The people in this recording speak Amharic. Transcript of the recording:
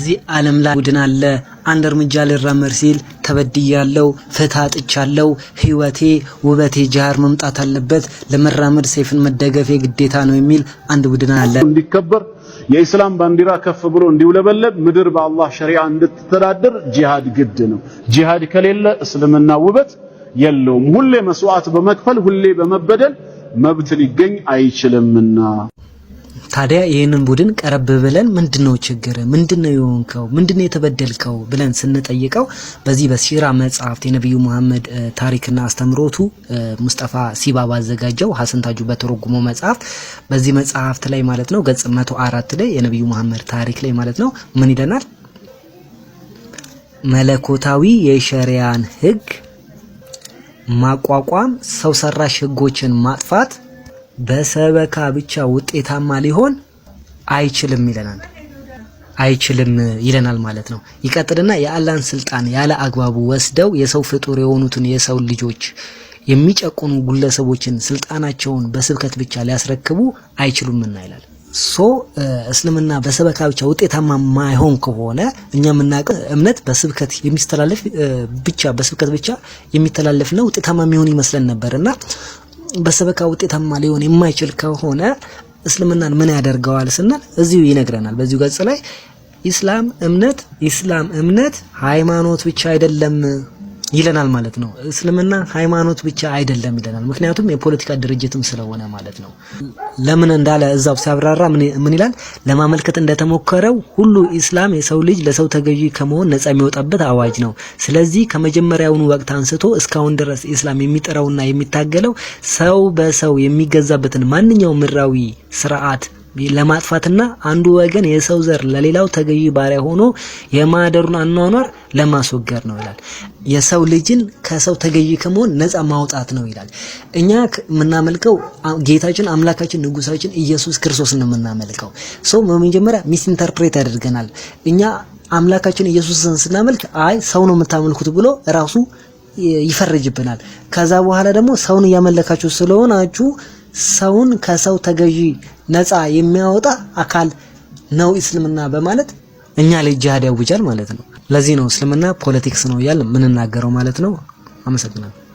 እዚህ ዓለም ላይ ቡድን አለ። አንድ እርምጃ ልራመድ ሲል ተበድያለው፣ ፍትህ አጥቻለው፣ ህይወቴ ውበቴ ጃር መምጣት አለበት፣ ለመራመድ ሰይፍን መደገፌ ግዴታ ነው የሚል አንድ ቡድን አለ። እንዲከበር የኢስላም ባንዲራ ከፍ ብሎ እንዲውለበለብ ምድር በአላህ ሸሪዓ እንድትተዳደር ጂሃድ ግድ ነው። ጂሃድ ከሌለ እስልምና ውበት የለውም። ሁሌ መስዋዕት በመክፈል ሁሌ በመበደል መብት ሊገኝ አይችልምና ታዲያ ይህንን ቡድን ቀረብ ብለን ምንድነው ነው ችግር፣ ምንድነው የሆንከው፣ ምንድነው የተበደልከው ብለን ስንጠይቀው በዚህ በሲራ መጽሐፍት የነቢዩ መሐመድ ታሪክና አስተምሮቱ ሙስጠፋ ሲባ ባዘጋጀው ሀሰን ታጁ በተረጉመው መጽሐፍት በዚህ መጽሐፍት ላይ ማለት ነው ገጽ መቶ አራት ላይ የነቢዩ መሐመድ ታሪክ ላይ ማለት ነው ምን ይለናል? መለኮታዊ የሸሪያን ህግ ማቋቋም፣ ሰው ሰራሽ ህጎችን ማጥፋት በሰበካ ብቻ ውጤታማ ሊሆን አይችልም ይለናል አይችልም ይለናል ማለት ነው። ይቀጥልና የአላህን ስልጣን ያለ አግባቡ ወስደው የሰው ፍጡር የሆኑትን የሰው ልጆች የሚጨቁኑ ግለሰቦችን ስልጣናቸውን በስብከት ብቻ ሊያስረክቡ አይችሉምና ይላል። ሶ እስልምና በሰበካ ብቻ ውጤታማ ማይሆን ከሆነ እኛ የምናውቀው እምነት በስብከት የሚስተላለፍ ብቻ በስብከት ብቻ የሚተላለፍና ውጤታማ የሚሆን ይመስለን ነበር እና በሰበካ ውጤታማ ሊሆን የማይችል ከሆነ እስልምናን ምን ያደርገዋል ስንል እዚሁ ይነግረናል። በዚሁ ገጽ ላይ ኢስላም እምነት ኢስላም እምነት ሃይማኖት ብቻ አይደለም ይለናል ማለት ነው። እስልምና ሃይማኖት ብቻ አይደለም ይለናል። ምክንያቱም የፖለቲካ ድርጅትም ስለሆነ ማለት ነው። ለምን እንዳለ እዛው ሲያብራራ ምን ይላል? ለማመልከት እንደተሞከረው ሁሉ ኢስላም የሰው ልጅ ለሰው ተገዢ ከመሆን ነጻ የሚወጣበት አዋጅ ነው። ስለዚህ ከመጀመሪያውኑ ወቅት አንስቶ እስካሁን ድረስ ኢስላም የሚጠራውና የሚታገለው ሰው በሰው የሚገዛበትን ማንኛውም ምድራዊ ስርዓት ለማጥፋትና አንዱ ወገን የሰው ዘር ለሌላው ተገዢ ባሪያ ሆኖ የማደሩን አኗኗር ለማስወገድ ነው ይላል። የሰው ልጅን ከሰው ተገዢ ከመሆን ነፃ ማውጣት ነው ይላል። እኛ የምናመልከው ጌታችን አምላካችን ንጉሳችን ኢየሱስ ክርስቶስን የምናመልከው ሰው በመጀመሪያ ሚስ ኢንተርፕሬት ያደርገናል። እኛ አምላካችን ኢየሱስን ስናመልክ አይ ሰው ነው የምታመልኩት ብሎ ራሱ ይፈርጅብናል። ከዛ በኋላ ደግሞ ሰውን እያመለካችሁ ስለሆናችሁ ሰውን ከሰው ተገዢ ነፃ የሚያወጣ አካል ነው እስልምና በማለት እኛ ላይ ጂሃድ ያውጃል ማለት ነው። ለዚህ ነው እስልምና ፖለቲክስ ነው እያል የምንናገረው ማለት ነው። አመሰግናለሁ።